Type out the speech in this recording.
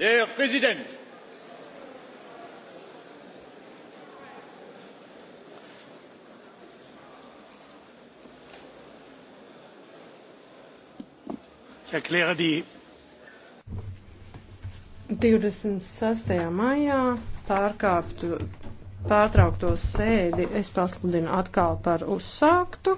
herr präsident! ich erkläre die. 26. maijā pārkāptu, pārtraukto sēdi es pasludinu atkal par uzsāktu.